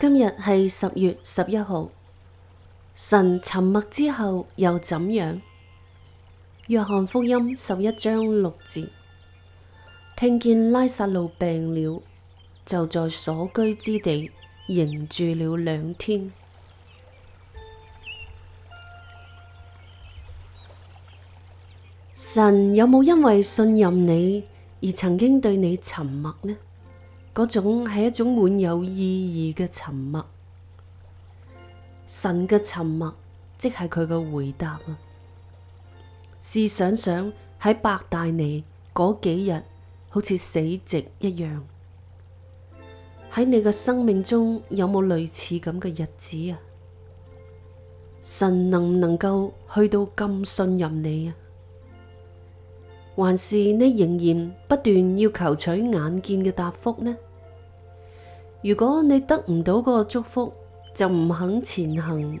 今日係十月十一號。神沉默之後又怎樣？約翰福音十一章六節，聽見拉撒路病了，就在所居之地仍住了兩天。神有冇因為信任你而曾經對你沉默呢？嗰種係一種滿有意義嘅沉默，神嘅沉默即係佢嘅回答啊！試想想喺伯大尼嗰幾日，好似死寂一樣，喺你嘅生命中有冇類似咁嘅日子啊？神能唔能夠去到咁信任你啊？還是你仍然不斷要求取眼見嘅答覆呢？如果你得唔到嗰個祝福，就唔肯前行，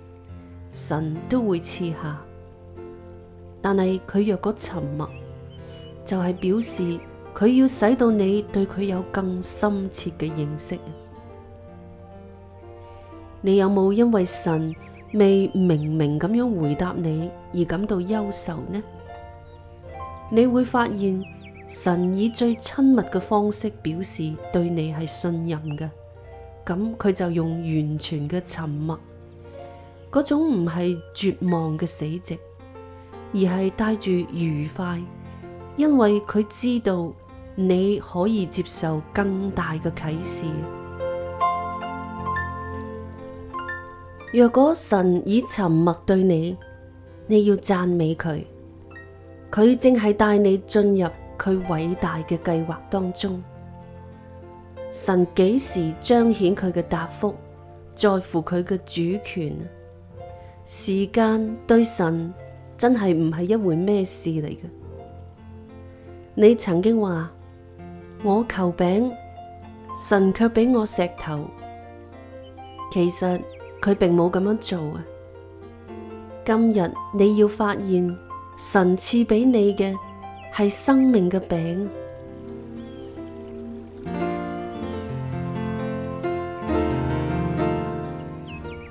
神都會賜下。但係佢若果沉默，就係表示佢要使到你對佢有更深切嘅認識。你有冇因為神未明明咁樣回答你而感到憂愁呢？你會發現神以最親密嘅方式表示對你係信任嘅。咁佢就用完全嘅沉默，嗰種唔係絕望嘅死寂，而係帶住愉快，因為佢知道你可以接受更大嘅啟示。 若果神以沉默對你，你要讚美佢，佢正係帶你進入佢偉大嘅計劃當中。神幾時彰顯佢嘅答覆，在乎佢嘅主權。時間對神真係唔係一回咩事嚟嘅。你曾經話我求餅，神卻俾我石頭。其實佢並冇咁樣做啊。今日你要發現，神賜俾你嘅係生命嘅餅。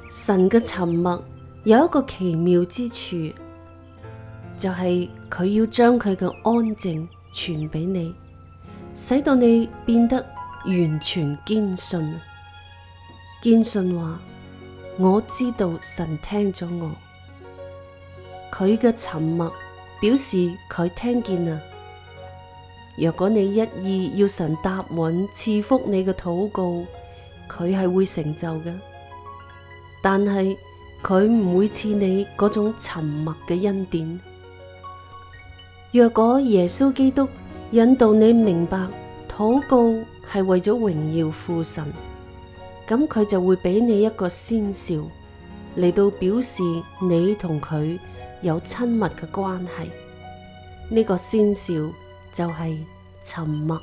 神嘅沉默有一個奇妙之處，就係佢要將佢嘅安靜傳俾你，使到你變得完全堅信。堅信話我知道神聽咗我，佢嘅沉默表示佢聽見啊！若果你一意要神答允賜福你嘅禱告，佢係會成就嘅。但係佢唔會似你嗰種沉默嘅恩典。若果耶穌基督引導你明白禱告係為咗榮耀父神，咁佢就會俾你一個先兆嚟到表示你同佢有親密嘅關係。呢個先兆就係沉默。